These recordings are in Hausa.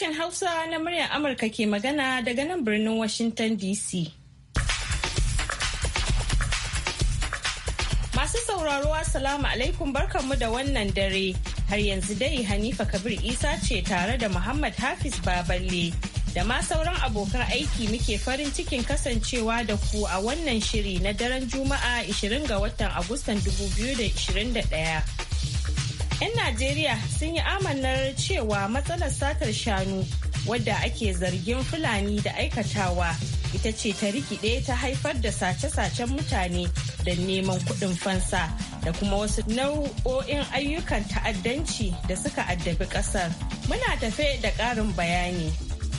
Sashen Hausa na muryar Amurka ke magana daga nan birnin Washington DC. Masu sauraro Assalamu alaikum barkanmu da wannan dare. Har yanzu dai Hanifa Kabir Isa ce tare da Muhammad Hafiz Baballe. Da ma sauran abokan aiki muke farin cikin kasancewa da ku a wannan shiri na daren Juma'a 20 ga watan Agustan 2021. 'Yan Najeriya sun yi amanar cewa matsalar satar shanu wadda ake zargin Fulani da aikatawa ita ce ta rikide ta haifar da sace-sacen mutane da neman kuɗin fansa da kuma wasu nau'o'in ayyukan ta'addanci da suka addabi ƙasar. Muna tafe da ƙarin bayani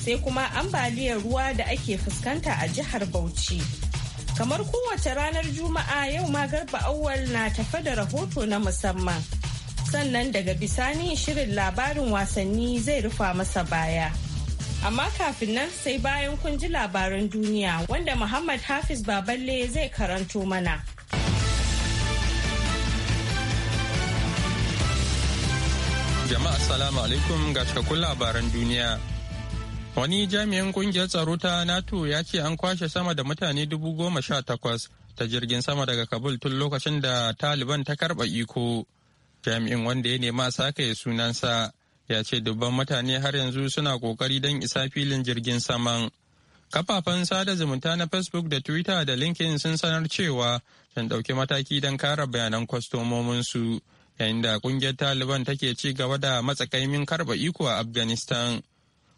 sai kuma ambaliyar ruwa da ake fuskanta a jihar Bauchi. Kamar kowace ranar Juma'a yau ma garba auwal na tafe da rahoto na musamman. sannan daga bisani shirin labarin wasanni zai rufa masa baya. Amma kafin nan sai bayan kun ji labaran duniya wanda Muhammad Hafiz Baballe zai karanto mana. Jama'a salamu alaikum ga cikakkun labaran duniya. Wani jami'in kungiyar tsaro ta NATO ya ce an kwashe sama da mutane dubu goma sha takwas ta jirgin sama daga Kabul tun lokacin da Taliban ta karɓa iko. jami'in wanda ya nema sake sunansa ya ce dubban mutane har yanzu suna kokari don isa filin jirgin saman kafafen sada zumunta na facebook da twitter da linkedin sun sanar cewa sun ɗauki mataki don kare bayanan kwastomominsu yayin da kungiyar taliban take ci gaba da matsakaimin karba iko a afghanistan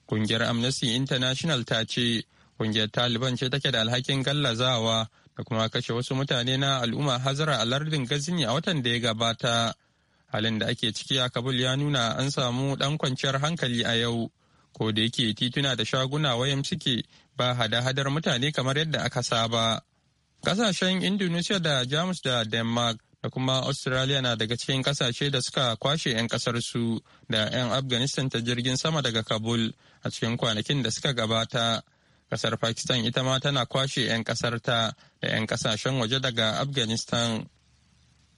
kungiyar amnesty international ta ce kungiyar taliban ce take da alhakin gallazawa da kuma kashe wasu mutane na al'umma hazara a lardin gazini a watan da ya gabata halin da ake ciki a kabul ya nuna an samu ɗan kwanciyar hankali a yau ko da yake tituna da shaguna wayan suke ba hada-hadar mutane kamar yadda aka saba kasashen indonesia da jamus da denmark da kuma australia na daga cikin kasashe da suka kwashe 'yan kasarsu da 'yan afghanistan ta jirgin sama daga kabul a cikin kwanakin da suka gabata kasar pakistan ita ma tana kwashe 'yan kasarta da 'yan kasashen waje daga afghanistan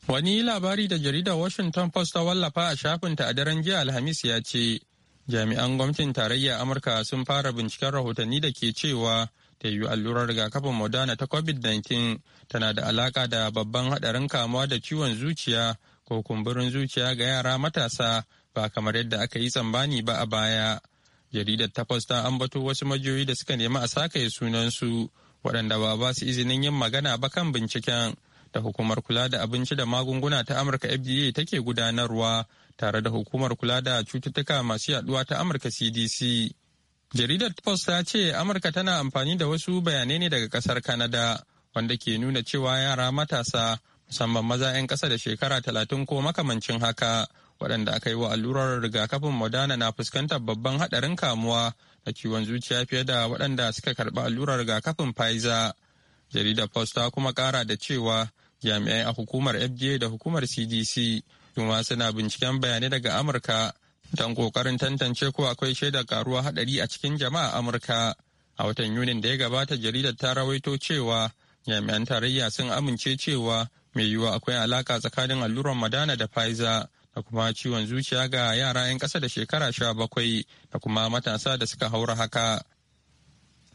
Wani labari da jaridar Washington Post ta wallafa a shafinta a daren jiya Alhamis ya ce, jami'an gwamnatin tarayya Amurka sun fara binciken rahotanni da ke cewa ta yi allurar rigakafin Moderna ta COVID-19 tana da alaka da babban haɗarin kamuwa da ciwon zuciya ko kumburin zuciya ga yara matasa ba kamar yadda aka yi tsambani ba a baya. Jaridar ta Post ta ambato wasu majiyoyi da suka nemi a sakaye sunansu waɗanda ba ba su izinin yin magana ba kan binciken. da hukumar kula da abinci da magunguna ta amurka fda take gudanarwa tare da hukumar kula da cututtuka masu yaduwa ta amurka cdc jaridar post ta ce amurka tana amfani da wasu bayanai ne daga kasar kanada wanda ke nuna cewa yara matasa musamman maza 'yan kasa da shekara talatin ko makamancin haka waɗanda aka yi wa allurar rigakafin modana na fuskantar babban haɗarin kamuwa da ciwon zuciya fiye da waɗanda suka karɓi allurar rigakafin Pfizer. Jaridar Post ta kuma ƙara da cewa jami'ai a hukumar fda da hukumar cdc kuma suna binciken bayanai daga amurka don kokarin tantance ko akwai shaidar karuwa hadari a cikin jama'a amurka a watan yunin da ya gabata jaridar ta rawaito cewa jami'an tarayya sun amince cewa mai yiwuwa akwai alaka tsakanin alluran madana da pfizer da kuma ciwon zuciya ga yara 'yan ƙasa da shekara sha bakwai da kuma matasa da suka haura haka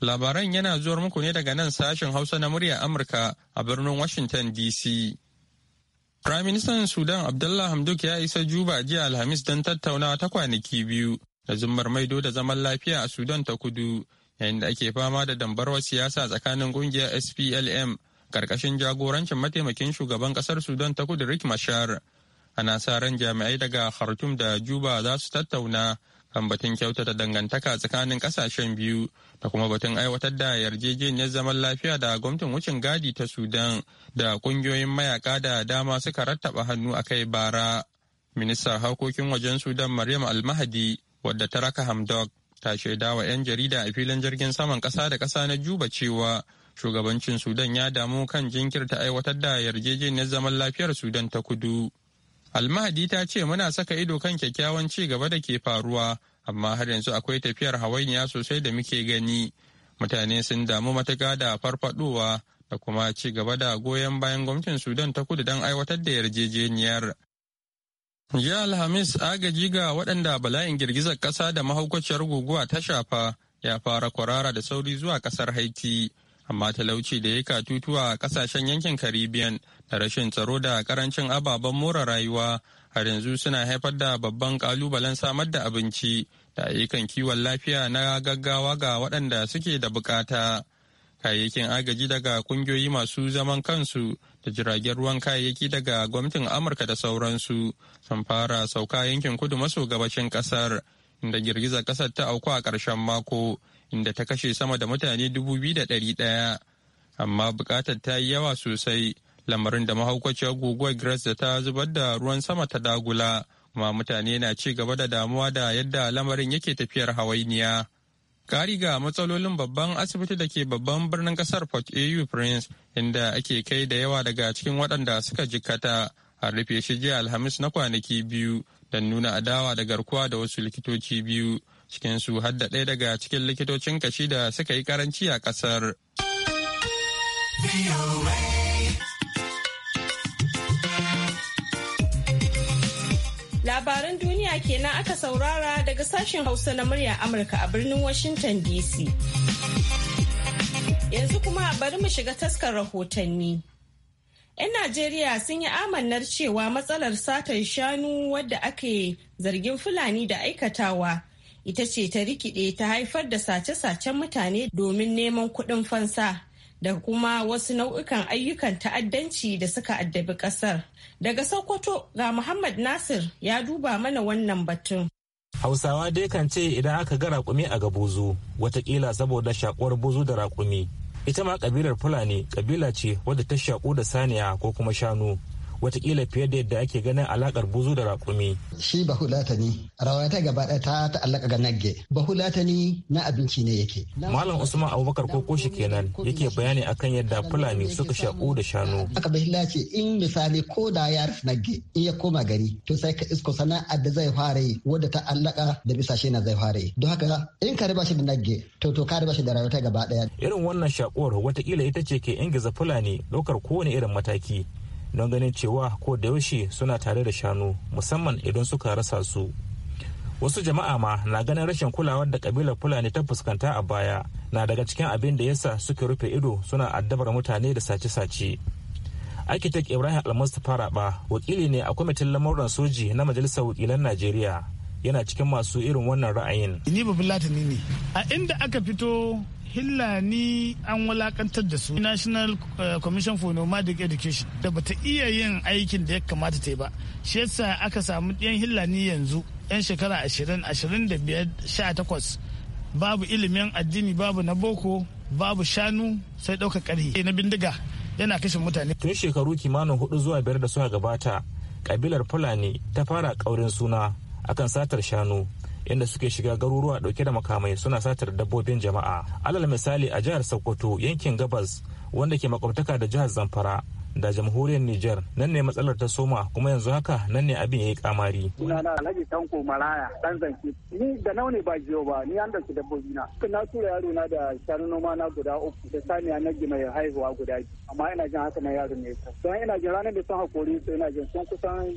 Labaran yana zuwar muku ne daga nan sashen Hausa na muryar Amurka a birnin Washington DC. Firaministan Sudan Abdullah hamduk ya isa Juba jiya Alhamis don tattaunawa ta kwanaki biyu da zummar maido da zaman lafiya a Sudan ta kudu yayin da ake fama da dambarwar siyasa tsakanin kungiyar SPLM karkashin jagorancin mataimakin shugaban kasar Sudan ta kudu Rick Mashar. Ana sa ran jami'ai daga Khartoum da Juba za su tattauna kan batun kyautata dangantaka tsakanin kasashen biyu da kuma batun aiwatar da yarjejeniyar zaman lafiya da gwamnatin wucin gadi ta sudan da kungiyoyin mayaka da dama suka rattaba hannu a kai bara ministan harkokin wajen sudan maryam almahadi wadda ta raka hamdok ta shaida wa 'yan jarida a filin jirgin saman kasa da kasa na juba cewa shugabancin sudan ya damu kan jinkirta aiwatar da yarjejeniyar zaman lafiyar sudan ta kudu Almahadi ta ce muna saka ido kan kyakkyawan ci gaba da ke faruwa, amma har yanzu akwai tafiyar hawainiya sosai da muke gani. Mutane sun damu matuƙa da farfaɗowa da kuma ci gaba da goyon bayan gwamnatin Sudan ta kudu don aiwatar da yarjejeniyar. Jiya Alhamis agaji ga waɗanda bala'in girgizar ƙasa da mahaukaciyar guguwa ta shafa ya fara kwarara da sauri zuwa ƙasar Haiti. amma talauci da ya katutuwa a kasashen yankin caribbean da rashin tsaro da karancin ababen more rayuwa har yanzu suna haifar da babban kalubalen samar da abinci da ayyukan kiwon lafiya na gaggawa ga waɗanda suke da bukata kayayyakin agaji daga kungiyoyi masu zaman kansu da jiragen ruwan kayayyaki daga gwamnatin amurka da sauransu sun fara sauka yankin kudu maso gabashin kasar inda girgizar kasar ta auku a ƙarshen mako inda ta kashe sama da mutane dubu biyu da ɗari ɗaya amma bukatar ta yi yawa sosai lamarin da mahaukaciyar guguwar grace da ta zubar da ruwan sama ta dagula kuma mutane na ci gaba da damuwa da yadda lamarin yake tafiyar hawainiya kari ga matsalolin babban asibiti da ke babban birnin kasar port au prince inda ake kai da yawa daga cikin waɗanda suka jikkata a rufe shi jiya alhamis na kwanaki biyu don nuna adawa da garkuwa da wasu likitoci biyu cikinsu har da ɗaya daga cikin likitocin kashi da suka yi karanci a ƙasar. Labaran duniya kenan aka saurara daga sashen Hausa na murya Amurka a birnin Washington DC. Yanzu kuma bari mu shiga taskar rahotanni. 'Yan Najeriya sun yi amannar cewa matsalar satar shanu wadda ake zargin Fulani da aikatawa ita ce ta rikide ta haifar da sace-sacen mutane domin neman kuɗin fansa da kuma wasu nau'ikan ayyukan ta'addanci da suka addabi ƙasar. Daga Sokoto ga Muhammad Nasir ya duba mana wannan batun. Hausawa dai kan ce idan aka ga raƙumi a gabuzu, watakila saboda shakuwar buzu da raƙumi. Ita ma ƙabilar Fulani ƙabila ce wadda ta shaƙu da saniya ko kuma shanu. watakila fiye da yadda ake ganin alakar buzu da raƙumi. Shi bahulatani rawata gaba ɗaya ta ta'allaka ga nagge bahulatani na abinci ne yake. Malam Usman Abubakar ko shi kenan yake bayani akan yadda Fulani suka shaƙu da shanu. Aka bahila ce in misali ko da ya rufe nagge in ya koma gari to sai ka isko sana'ar da zai fara yi wadda ta allaka da bisa shi na zai fara yi. Don haka in ka riba shi da nagge to to ka riba shi da rayuwa gaba ɗaya. Irin wannan shakuwar watakila ita ce ke ingiza Fulani ɗaukar kowane irin mataki don ganin cewa ko da yaushe suna tare da shanu musamman idan suka rasa su wasu jama'a ma na ganin rashin kulawar da kabilar fulani ta fuskanta a baya na daga cikin abin da yasa suke rufe ido suna addabar mutane da sace-sace architect ibrahim almustapha raba wakili ne a kwamitin lamuran soji na majalisar wakilan najeriya yana cikin masu irin wannan ra'ayin. Ni ba latini ne. A inda aka fito Hillani an walakantar da su National eh, Commission for Nomadic Education da bata iya yin aikin da ya kamata ta yi ba. Shi yasa aka samu ɗiyan ni yanzu 'yan shekara ashirin ashirin da biyar sha takwas babu ilimin addini babu na boko babu shanu sai ɗaukar ƙarhi na bindiga yana kashe mutane. Tun shekaru kimanin hudu zuwa biyar da suka gabata kabilar Fulani ta fara ƙaurin suna akan satar shanu inda suke shiga garuruwa dauke da makamai suna satar dabbobin jama'a alal misali a jihar sokoto yankin gabas wanda ke makwabtaka da jihar zamfara da jamhuriyar Nijar nan ne matsalar ta soma kuma yanzu haka nan ne abin yayi kamari. na Alhaji Tanko Maraya dan zanki ni da nawa ne ba jiyo ba ni an dauki dabbobi na. Na tura yaro na da shanu noma na guda uku da saniya na mai haihuwa guda amma ina jin haka na yaro ne. Don ina jin ranar da sun hakori su ina jin sun kusan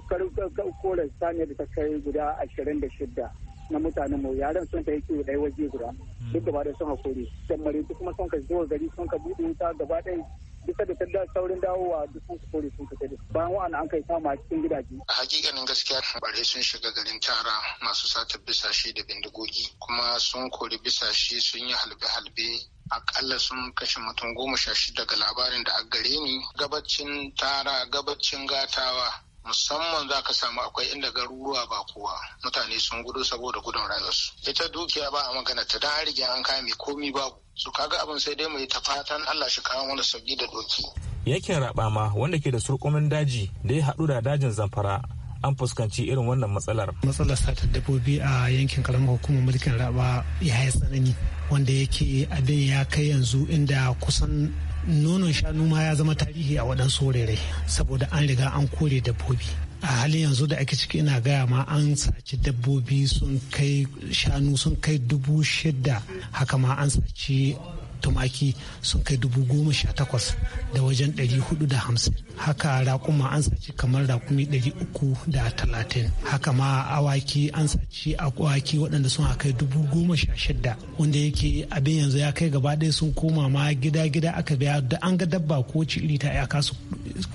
kore saniya da ta kai guda ashirin da shidda. na mutanen mu yaran sun kai kiwo ɗaya waje guda duk gaba da sun haƙuri. dan mare kuma sun ka zuwa gari sun ka buɗe wuta gaba ɗaya bisa da tadda saurin dawowa duk sun kore sun fita da bayan wa'anda an kai sama a cikin gidaje. a hakikanin gaskiya bare sun shiga garin tara masu satar bisashe da bindigogi kuma sun kori bisashe sun yi halbe-halbe akalla sun kashe mutum goma sha shida daga labarin da a gare ni gabacin tara gabacin gatawa musamman za ka samu akwai inda garuruwa ba kowa mutane sun gudu saboda gudun rayuwarsu ita dukiya ba a magana ta dan rige an kame komi babu su kaga abin sai dai mai ta fatan Allah shi kawo mana sauki da doki yakin raba ma wanda ke da surkumin daji da ya hadu da dajin zamfara an fuskanci irin wannan matsalar. Matsalar satar dabbobi a yankin karamar hukumar mulkin raba ya yi tsanani wanda yake abin ya kai yanzu inda kusan nonon shanu ma ya zama tarihi a waɗansu wurare saboda an riga an kore dabbobi a halin yanzu da ake ciki ina gaya ma an saci dabbobi sun kai shanu sun kai dubu shida haka ma an saci tumaki sun kai dubu goma sha takwas da wajen ɗari hudu da hamsin haka raƙuma an saci kamar raƙumi ɗari uku da talatin haka ma awaki an saci awaki waɗanda sun kai dubu goma sha shida wanda yake abin yanzu ya kai gaba ɗaya sun koma ma gida gida aka biya da an ga dabba ko ci iri ta ya su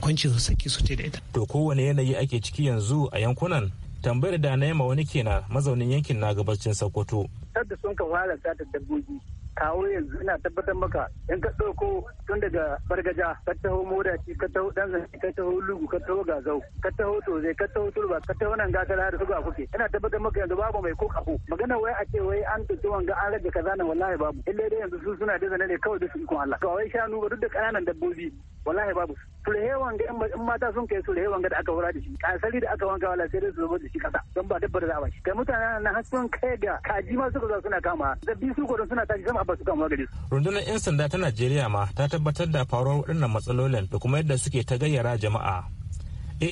kwanci su saki su ce da ita. to kowane yanayi ake ciki yanzu a yankunan tambayar da na yama wani kenan mazaunin yankin na gabacin sokoto. sadda sun ka dabbobi kawo yanzu ina tabbatar maka in ka ɗauko tun daga bargaja ka taho modaci ka taho dan ka taho lugu ka taho gazau ka taho toze ka taho turba ka taho nan kala da suka kuke ina tabbatar maka yanzu babu mai ko kafu magana wai a ce wai an tuki wanga an rage kaza nan wallahi babu illa dai yanzu su suna da ne kawai dusu su ikon Allah to wai shanu ba duk da ƙananan dabbobi wallahi babu sulhe wanga in mata sun kai sulhe wanga da aka wura da shi kasari da aka wanka wala sai dai su zubar da shi kasa don ba dabbar da ba shi kai mutanen na hasken kai ga kaji ma suka zo suna kama da su gudun suna tashi sama su rundunar yan sanda ta najeriya ma ta tabbatar da faruwar waɗannan matsalolin da kuma yadda suke ta gayyara jama'a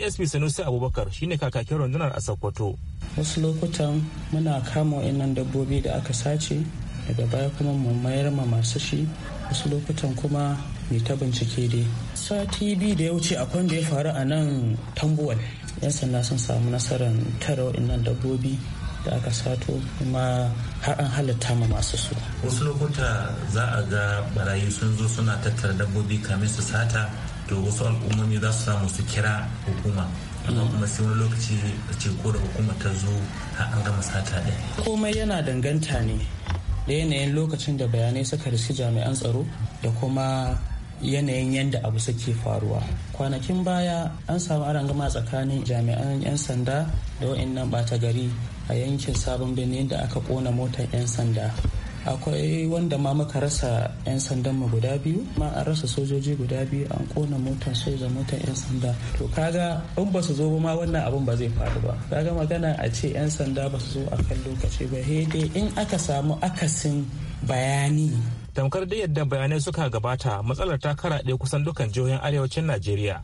asp sanusi abubakar ne kakakin rundunar a sokoto wasu lokutan muna kama wa'annan dabbobi da aka sace daga baya kuma mu mayar ma masu shi wasu lokutan kuma mai ta bincike dai sati biyu da ya wuce akwai da ya faru a nan tambuwal yan sanda sun samu nasarar tara wa'annan dabbobi da aka sato kuma har an halatta ma masu su wasu lokuta za a ga barayi sun zo suna tattara dabbobi kamin su sata to wasu al'ummomi za su samu su kira hukuma amma mm. kuma sai wani lokaci ce ko da hukuma ta zo har an gama sata ɗin komai yana danganta ne da yanayin lokacin da bayanai suka riski jami'an tsaro da kuma yanayin yadda abu suke faruwa kwanakin baya an samu arangama tsakanin jami'an 'yan sanda da wa'annan bata gari a yankin sabon birni da aka kona motar 'yan sanda akwai wanda ma muka rasa 'yan sandan mu guda biyu ma an rasa sojoji guda biyu an kona motar soja motar 'yan sanda to kaga in ba su zo ma wannan abun ba zai faru ba kaga magana a ce 'yan sanda ba su zo a kan lokaci ba dai in aka samu akasin bayani tamkar da yadda bayanai suka gabata matsalar ta karaɗe kusan dukan jihohin arewacin najeriya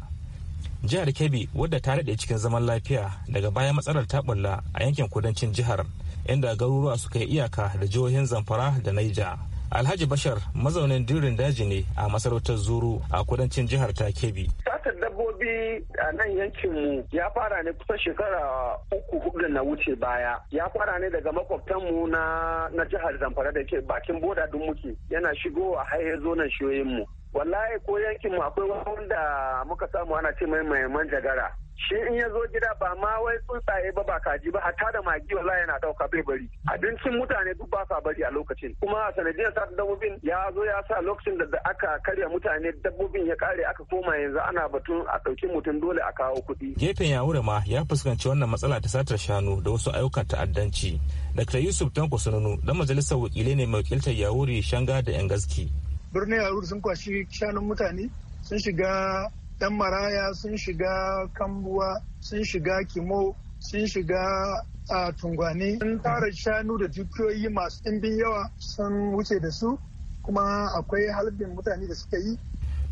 jihar kebbi wadda ta daɗe cikin zaman lafiya daga baya matsalar ta bulla a yankin kudancin jihar inda garuruwa suka yi iyaka da jihohin zamfara da naija alhaji bashar mazaunin dirin daji ne a masarautar zuru a kudancin jihar ta kebbi satar dabbobi a nan yankin mu ya fara ne kusan shekara uku hudu na wuce baya ya fara ne daga makwabtanmu na na jihar zamfara da ke bakin boda dun muke yana shigo a haihe zonan shiyoyin mu wallahi ko yankin mu akwai wanda muka samu ana ce mai mai manjagara shi in ya zo gida ba ma wai tsuntsaye ba ba kaji ba hatta da magi wallahi yana dauka bai bari abincin mutane duk ba sa bari a lokacin kuma sanadiyar sa dabbobin ya zo ya sa lokacin da aka karya mutane dabbobin ya kare aka koma yanzu ana batun a dauki mutum dole a kawo kuɗi. gefen wure ma ya fuskanci wannan matsala ta satar shanu da wasu ayyukan ta'addanci dr yusuf tanko sununu dan majalisar wakilai ne mai wakiltar yawuri shanga da yan gaski birnin yarur sun kwashi shanun mutane sun shiga dan maraya sun shiga kambuwa sun shiga kimo sun shiga a tungwane sun tara shanu da dukiyoyi masu ɗimbin yawa sun wuce da su kuma akwai halbin mutane da suka yi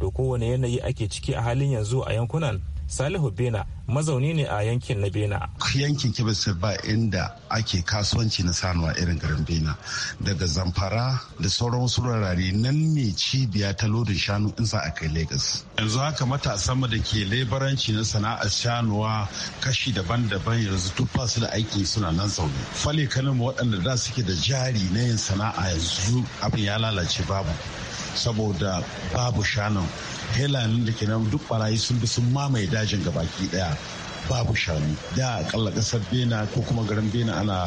to kowane yanayi ake ciki a halin yanzu a yankunan Salihu Bena mazauni ne a yankin na Bena. Yankin Kebisir ba inda ake kasuwanci na sanuwa irin garin Bena daga Zamfara da sauran wasu wurare nan ne cibiya ta lodin shanu in za a kai Legas. Yanzu haka matasan da ke lebaranci na sana'ar shanuwa kashi daban-daban yanzu duk su da aiki suna nan zaune. Fale kanin waɗanda da suke da jari na yin sana'a yanzu abin ya lalace babu. saboda babu shanun helanin da ke nan duk barayi sun bi sun mamaye dajin gabaki daya babu shanu da akalla kasar bena ko kuma garin bena ana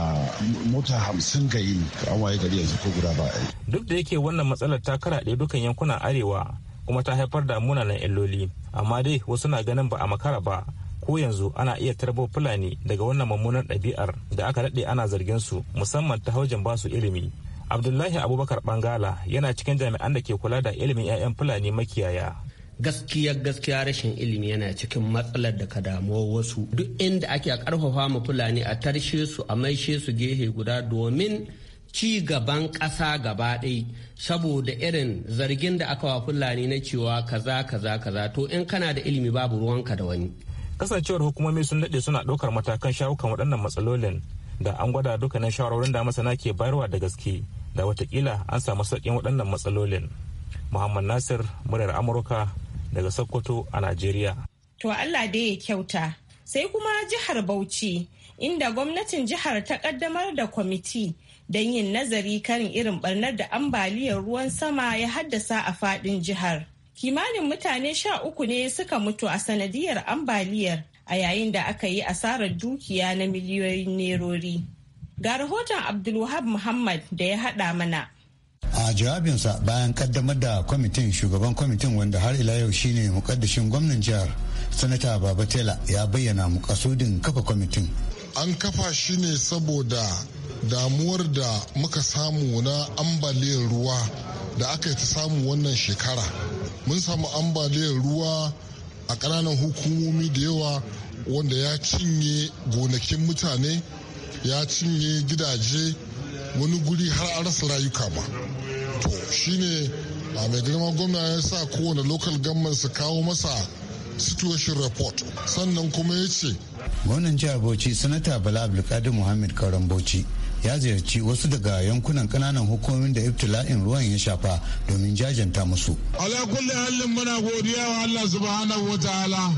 mota hamsin ga yi an waye gari yanzu ko guda ba duk da yake wannan matsalar ta karaɗe dukan yankunan arewa kuma ta haifar da munanan illoli amma dai wasu na ganin ba a makara ba ko yanzu ana iya tarbo fulani daga wannan mummunar ɗabi'ar da aka daɗe ana zargin su musamman ta haujin basu ilimi abdullahi abubakar bangala yana cikin jami'an da ke kula da ilimin 'ya'yan fulani makiyaya gaskiya gaskiya rashin ilimi yana cikin matsalar da ka damuwa wasu duk inda ake karfafa ma fulani a tarshe su a maishe su gehe guda domin ci gaban ƙasa gaba ɗai saboda irin zargin da aka wa fulani na cewa kaza kaza kaza to in kana da ilimi babu ruwanka da wani kasancewar hukumomi sun daɗe suna ɗaukar matakan shawukan waɗannan matsalolin da an gwada dukkanin shawarwarin da masana ke bayarwa da gaske da watakila an samu sauƙin waɗannan matsalolin muhammad nasir murar amurka daga sokoto a najeriya to allah dai ya kyauta sai kuma jihar bauchi inda gwamnatin jihar ta kaddamar da kwamiti don yin nazari kan irin barnar da ambaliyar ruwan sama ya haddasa a fadin jihar kimanin mutane sha uku ne suka mutu a sanadiyar ambaliyar a yayin da aka yi asarar dukiya na miliyoyin nerori. Ga rahoton Abdulwahab Muhammad da ya haɗa mana. a jawabinsa bayan kaddamar da kwamitin shugaban kwamitin wanda har ila yau shine mukaddashin gwamnan jihar sanata baba tela ya bayyana mukasudin kafa kwamitin an kafa shi ne saboda damuwar da muka samu na ambaliyar ruwa da aka yi ta samu wannan shekara mun samu ambaliyar ruwa a ƙananan hukumomi da yawa wanda ya cinye gonakin mutane ya cinye gidaje wani guri har a rasa rayuka ba to shine a mai girma gwamna ya sa kowane local government su kawo masa situation report sannan kuma ya ce gwamnan jihar bauchi sanata bala abdulkadir muhammad karan bauchi ya ziyarci wasu daga yankunan kananan hukumomin da ibtila'in ruwan ya shafa domin jajanta musu. ala kulli halin muna godiya wa allah subhanahu wa ta'ala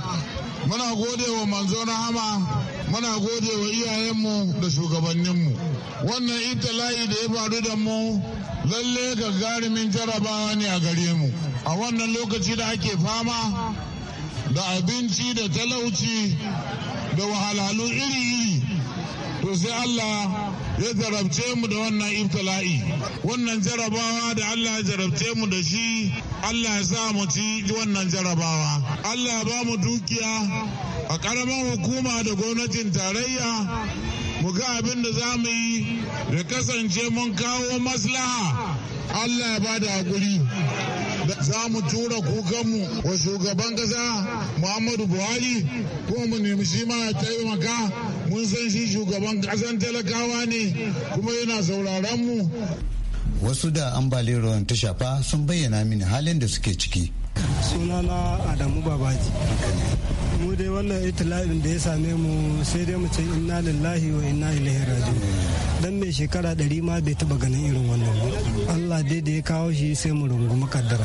muna gode wa manzo rahama muna gode wa iyayenmu da shugabanninmu wannan iftila'i da ya faru da mu lalle gagarumin jarabawa ne a gare mu a wannan lokaci da ake fama da abinci da talauci da wahalhalu iri-iri to sai allah ya zarabce mu da wannan iftala'i. wannan jarabawa da Allah ya jarabce mu da shi Allah ya sa mu ci wannan jarabawa Allah ba mu dukiya a ƙaramin hukuma da gwamnatin tarayya mu ga abin da za mu yi da kasance mun kawo maslaha Allah ya ba da haƙuri za mu tura kukanmu wa shugaban kasa muhammadu buhari ko mu nemi shi mana taimaka mun san shi shugaban kasan talakawa ne kuma yana sauraron mu wasu da ambaliyar ruwan ta shafa sun bayyana mini halin da suke ciki sunana adamu babaji mu dai wannan itila'in da ya same mu sai dai mu ce inna lillahi wa inna ilaihi raji'un dan mai shekara ɗari ma bai taɓa ganin irin wannan ba allah dai da ya kawo shi sai mu rungumi makaddara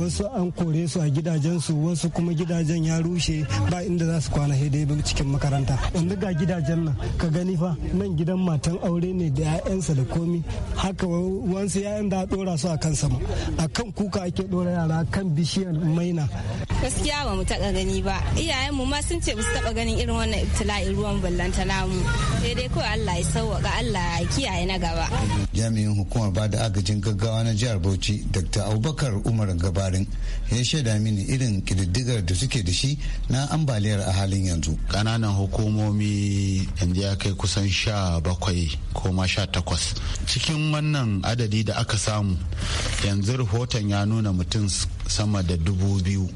wasu an kore su a gidajensu wasu kuma gidajen ya rushe ba inda za su kwana dai cikin makaranta wanda ga gidajen nan ka gani fa nan gidan matan aure ne da 'ya'yansa da komi haka wansu 'ya'yan da dora su a kan sama a kan kuka ake dora yara kan bishiyar maina gaskiya ba mu taɓa gani ba iyayen mu ma sun ce ba su taɓa ganin irin wannan ibtila'in ruwan ballanta namu sai dai kawai Allah ya sauwaka Allah Allah ya kiyaye na gaba. Jami'in hukumar ba da agajin gaggawa na jihar Bauchi Dr. Abubakar Umar Gabarin ya shaida mini irin kididdigar da suke da shi na ambaliyar a halin yanzu. Kananan hukumomi yanzu ya kai kusan sha bakwai ko ma sha takwas. Cikin wannan adadi da aka samu yanzu rahoton ya nuna mutum sama da dubu biyu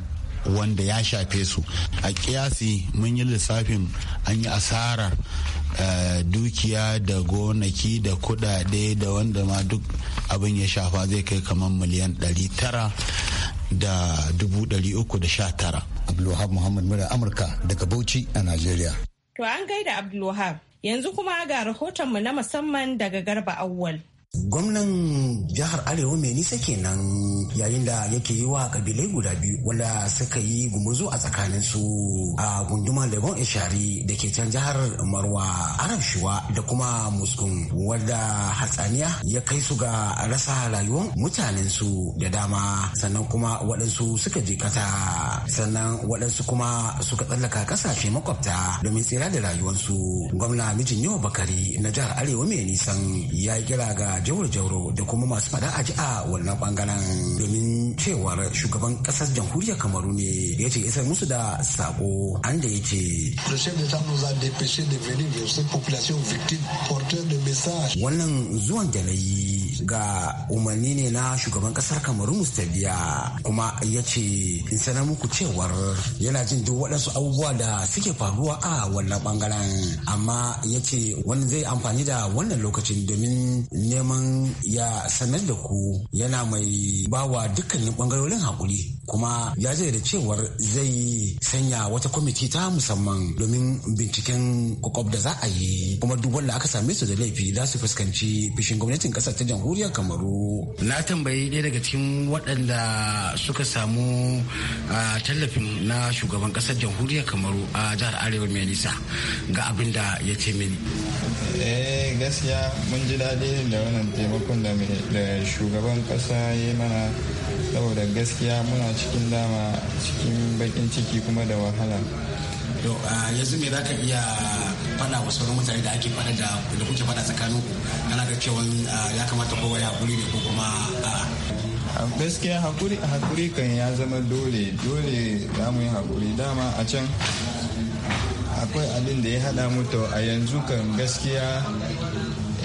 wanda ya shafe su a kiyasi mun yi lissafin an yi asarar eh, dukiya da gonaki da kudade da wanda ma duk abin ya shafa zai kai kamar miliyan 900 da tara. abdulwahab muhammad mura amurka daga bauchi a najeriya to an gaida abdulwahab yanzu kuma ga rahotonmu na musamman daga garba awwal Gwamnan jihar Arewa mai nisa kenan yayin da yake yi wa kabilai guda biyu wanda suka yi gumuzu a tsakanin su a gunduma Lebon Ishari da ke can jihar Marwa Arab shiwa da kuma Muskun wanda hatsaniya ya kai su ga rasa rayuwar mutanen su da dama sannan kuma waɗansu suka jikata sannan waɗansu kuma suka tsallaka ƙasashe makwabta domin tsira da rayuwarsu. Gwamna mijin yau Bakari na jihar Arewa mai nisan ya kira ga jauro jauro da kuma masu fada a ji a wannan bangaren domin cewar shugaban kasar jamhuriyar kamaru ne ya ce isar musu da sako an da ya ce wannan zuwan jalayi ga umarni ne na shugaban kasar kamaru mustabiya kuma ya ce in sanar muku cewar yana jin duk waɗansu abubuwa da suke faruwa a wannan bangaren amma ya ce wani zai amfani da wannan lokacin domin neman ya sanar da ku yana mai bawa dukkan dukkanin bangarorin hakuri kuma ya zai da cewar zai sanya wata kwamiti ta musamman domin binciken kwakwab da za a yi kuma duk wanda aka same su da laifi za su fuskanci fishin gwamnatin kasar ta jamhuriyar kamaru na tambayi ɗaya daga cikin waɗanda suka samu tallafin na shugaban kasar jamhuriyar kamaru a jihar arewa mai nisa ga abin da ya ce mini eh, gaskiya mun ji daɗi da wannan taimakon da shugaban ƙasa ya mana saboda gaskiya muna cikin dama cikin bakin ciki kuma da wahala yanzu me za ka iya fada wa sauran mutane da ake fada da da kuke fada tsakanin ku kana cewa ya kamata kowa ya hakuri ne ko kuma a gaskiya hakuri hakuri kan ya zama dole dole za mu yi hakuri dama a can akwai abin da ya hada mu to a yanzu kan gaskiya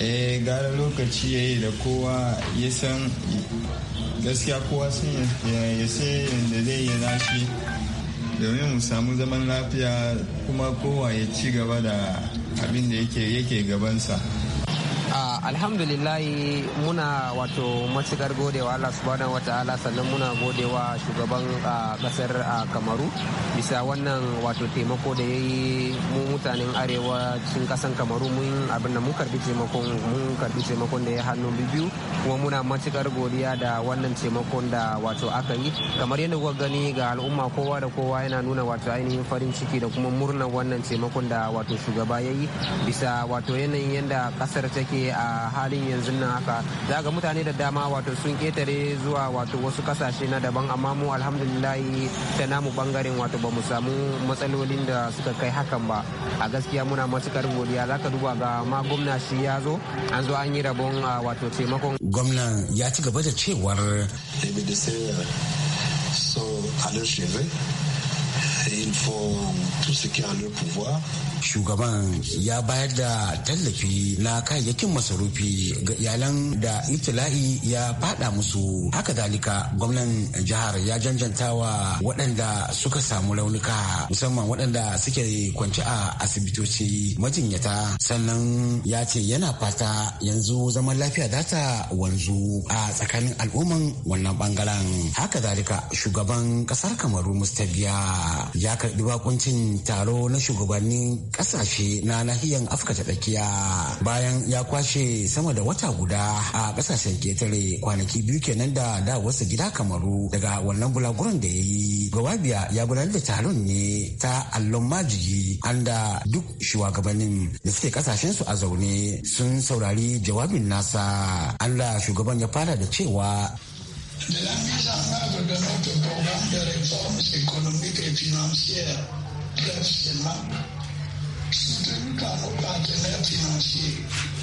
eh gara lokaci yayi da kowa ya san gaskiya kowa sun ya sai zai yi nashi domin mu samu zaman lafiya kuma kowa ya ci gaba da abin da yake gabansa. alhamdulillah muna wato matukar godewa Allah subhanahu wataala sannan muna godewa shugaban kasar kamaru bisa wannan wato taimako da ya yi mu mutanen arewa cikin kasan kamaru mun abin da mun karbi taimakon mun karbi taimakon da ya hannu biyu kuma muna matukar godiya da wannan taimakon da wato aka yi kamar yadda kuka gani ga al'umma kowa da kowa yana nuna wato ainihin farin ciki da kuma murnar wannan taimakon da wato shugaba ya yi bisa wato yanayin yadda kasar take a halin yanzu nan haka za ga mutane da dama wato sun ketare zuwa wato wasu kasashe na daban amma mu alhamdulillahi ta namu bangaren wato ba mu samu matsalolin da suka kai hakan ba a gaskiya muna matukar godiya za ka duba ga ma gwamna shi ya zo an zo an yi rabon wato taimakon gwamnan ya ci gaba da cewar. David Sayer, uh, so Alain Chevet, Eh, shugaban ya bayar da tallafi na kayayyakin masarufi ga iyalan da itila'i ya fada musu. Haka dalika gwamnan jihar ya janjanta wa waɗanda suka samu launuka, musamman waɗanda suke kwanci a asibitoci majinyata sannan ya ce yana fata yanzu zaman lafiya data wanzu a tsakanin al'umman wannan bangaren. Haka dalika shugaban ƙasar Kamaru Mustabiya ya karbi bakuncin taro na shugabannin kasashe na nahiyar afirka ta tsakiya bayan ya kwashe sama da wata guda a kasashen ketare kwanaki biyu kenan da da wasu gida kamaru daga wannan bulaguran da ya yi gawabiya ya gudanar da taron ne ta allon majigi anda duk shugabannin da suke kasashen su a zaune sun saurari jawabin nasa Allah shugaban ya fara da cewa de la mise en œuvre de notre programme de réformes économiques et financières,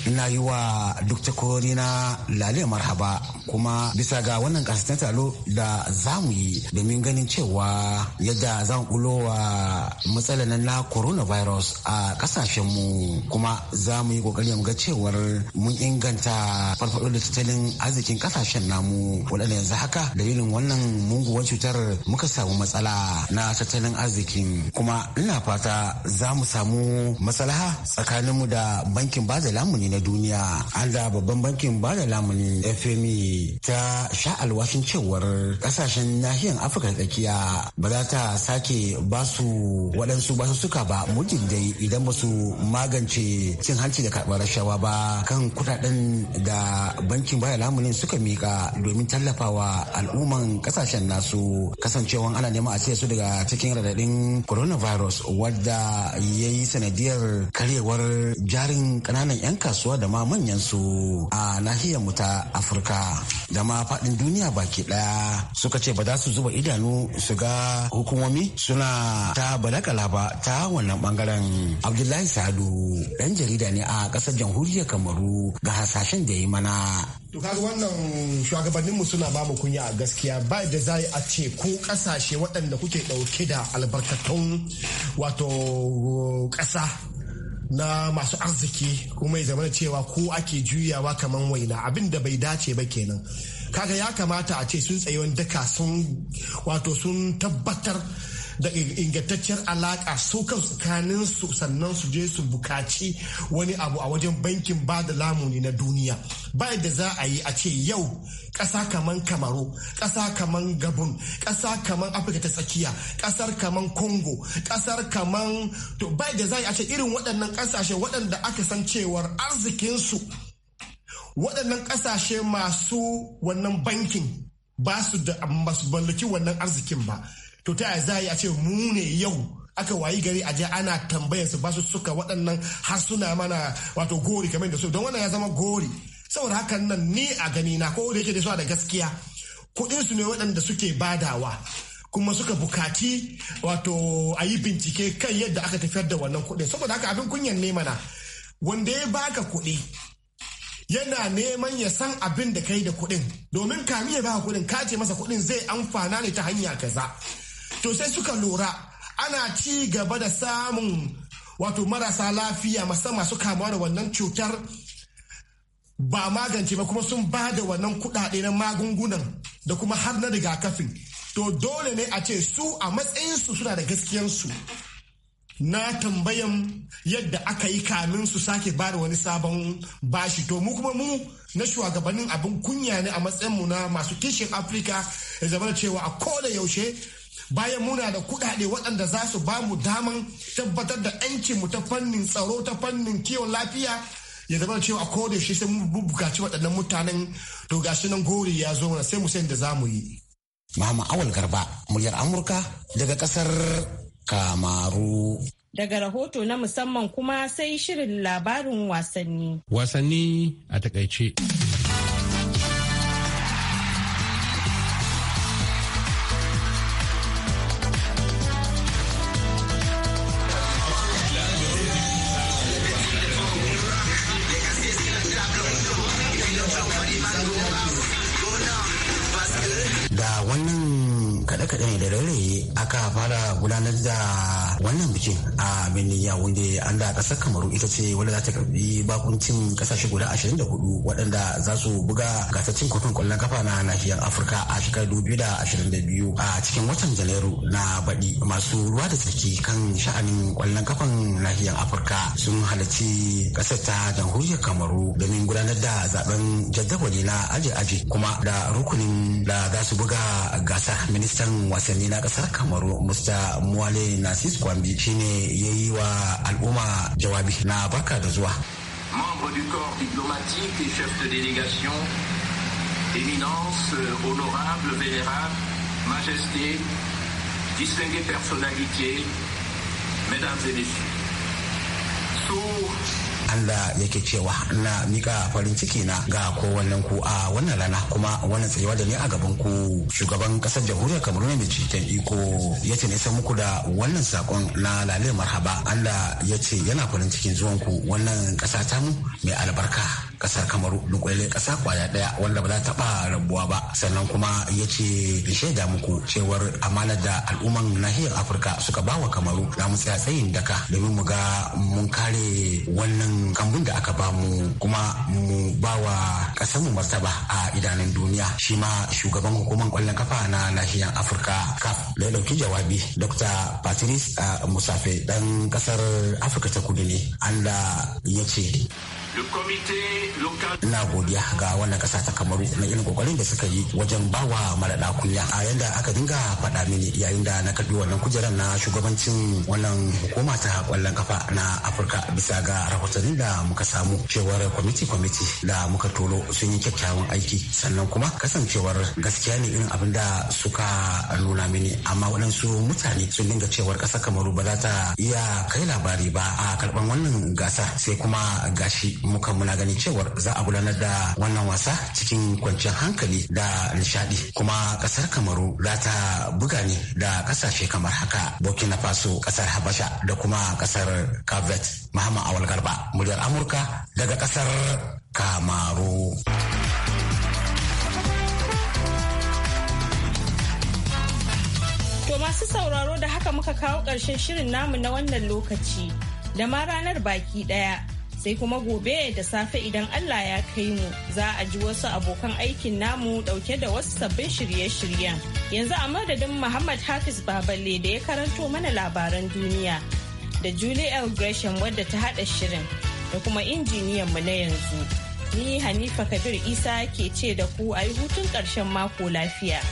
Na yi wa Dr. Korina Lale Marhaba kuma bisa ga wannan kasance taro da za mu yi domin ganin cewa yadda za mu kulo wa matsalar na coronavirus a mu kuma za mu yi kokari mu ga cewar mun inganta farfaɗo da tattalin arzikin kasashen namu waɗanda yanzu haka dalilin wannan munguwar cutar muka samu matsala na tattalin arzikin kuma ina fata za mu samu tsakanin tsakaninmu da bankin bada lamuni na duniya an da babban bankin bada lamuni fmi e. ta sha alwashin cewar kasashen nahiyar Afirka tsakiya ba za ta sake ba su waɗansu ba su suka ba mujin dai idan ba su magance cin hanci da karɓar rashawa ba kan kudaden da bankin baya lamunin suka mika domin tallafawa al'umman kasashen nasu kasancewan ana neman a su daga cikin radadin coronavirus wadda ya yi sanadiyar karyewar jarin kananan 'yan kasuwa da ma manyan su a nahiyar mu ta afirka da ma faɗin duniya baki ɗaya suka ce ba za su zuba idanu su ga hukumomi suna ta balakala ba ta wannan bangaren abdullahi sadu ɗan jarida ne a ƙasar jamhuriyar kamaru ga hasashen da ya yi mana To kaga wannan shugabanninmu suna ba mu kunya a gaskiya ba da za a ce ko kasashe waɗanda kuke ɗauke da albarkatun wato ƙasa na masu arziki kuma ya zama cewa ko ake juyawa kamar waina abin da bai dace ba kenan kaga ya kamata a ce sun tsaye daka sun wato sun tabbatar da ingantacciyar alaƙa su kan tsakanin su sannan su je su bukaci wani abu a wajen bankin ba da lamuni na duniya ba da za a yi a ce yau ƙasa kaman kamaru ƙasa kaman gabon ƙasa kaman afirka ta tsakiya ƙasar kaman congo ƙasar kaman to ba da za a yi a ce irin waɗannan ƙasashe waɗanda aka san cewar arzikinsu waɗannan ƙasashe masu wannan bankin ba su da masu ballaki wannan arzikin ba to ta za a ce mu ne yau aka wayi gari a aje ana tambayar su basu suka waɗannan har mana wato gori kamar da su don wannan ya zama gori saboda hakan nan ni a gani na ko da yake da su da gaskiya kuɗin su ne waɗanda suke badawa kuma suka bukaci wato a yi bincike kan yadda aka tafiyar da wannan kuɗin saboda haka abin kunyan ne mana wanda ya baka kuɗi yana neman ya san abin da kai da kuɗin domin kami ya baka kuɗin kace masa kuɗin zai amfana ne ta hanya kaza to sai suka lura ana ci gaba da samun wato marasa lafiya musamman masu kamuwa da wannan cutar ba magance ba kuma sun ba da wannan kudade na magungunan da kuma har na rigakafin to dole ne a ce su a matsayinsu suna da gaskiyansu na tambayan yadda aka yi kamin su sake ba da wani sabon bashi to mu kuma mu na shugabannin abin kunya ne a matsayin mu na masu kishin afirka ya zama da cewa a koda yaushe bayan muna da kuɗaɗe waɗanda za su ba mu daman tabbatar da mu ta fannin tsaro ta fannin kiwon lafiya ya zama da cewa ko da shi sai mu bukaci waɗannan mutanen to gashi nan gori ya zo mana sai mu san da za mu yi. Mama Awal Garba, muryar Amurka daga ƙasar Kamaru. Daga rahoto na musamman kuma sai shirin labarin wasanni. Wasanni a takaice. gudanar da wannan bikin a birnin yawunde an da kasar kamaru ita ce wadda za ta karbi bakuncin kasashe guda 24 waɗanda za su buga gasashen kofin kwallon kafa na nahiyar afirka a shekarar 2022 a cikin watan janairu na baɗi masu ruwa da tsaki kan sha'anin kwallon kafan nahiyar afirka sun halarci ƙasar ta jamhuriyar kamaru domin gudanar da zaben jadawali na aji-aji kuma da rukunin da za su buga gasa ministan wasanni na ƙasar kamaru musta Mouale Nassis, kwambi shine jawabi na membre du corps diplomatique et chef de délégation éminence honorable vénérable majesté distinguées personnalités mesdames et messieurs sous Allah yake cewa na mika farin ciki na ga kowannen ku a wannan rana kuma wannan tsayuwa da ne a gaban ku shugaban kasar jamhuriyar kamaruna mai cikin iko ya ce ne muku da wannan sakon na lalai marhaba Allah ya ce yana farin cikin zuwan ku wannan kasa ta mu mai albarka kasar Kamaru dukwale kasa kwaya daya wanda ba za taba rabuwa ba sannan kuma ya ce in shaida muku cewar amanar da al'umman nahiyar Afirka suka bawa Kamaru Na mu tsaya tsayin daka domin mu ga mun kare wannan kambun da aka bamu kuma mu bawa kasar mu martaba a idanun duniya shi ma shugaban hukumar kwallon kafa na nahiyar afirka kaf da ya dauki jawabi dr patrice ah, musafe dan kasar afirka ta kudu ne an da ya ce na godiya ga wannan kasa ta kamaru na irin kokarin da suka yi wajen bawa maraɗa kunya a yanda aka dinga faɗa mini yayin da na karɓi wannan kujerar na shugabancin wannan hukuma ta kwallon kafa na afirka bisa ga rahotannin da muka samu cewar kwamiti kwamiti da muka turo sun yi kyakkyawan aiki sannan kuma kasancewar gaskiya ne irin abin da suka nuna mini amma waɗansu mutane sun dinga cewar ƙasar kamaru ba za ta iya kai labari ba a karɓan wannan gasa sai kuma gashi muka muna ganin cewar za a gudanar da wannan wasa cikin kwanciyar hankali da nishadi kuma kasar kamaru za ta buga ne da kasashe kamar haka burkina faso kasar habasha da kuma kasar kavet muhammad awal garba muryar amurka daga kasar kamaru To masu sauraro da haka muka kawo ƙarshen shirin namu na wannan lokaci da ma ranar baki ɗaya. sai kuma gobe da safe idan Allah ya kai mu za a ji wasu abokan aikin namu dauke da wasu sabbin shirye-shiryen. Yanzu a madadin Muhammad Hafiz Baballe da ya karanto mana labaran duniya da Julie L. Gresham wadda ta haɗa shirin da kuma injiniyan mu na yanzu. Ni Hanifa Kabir Isa ke ce da ku a hutun ƙarshen mako lafiya.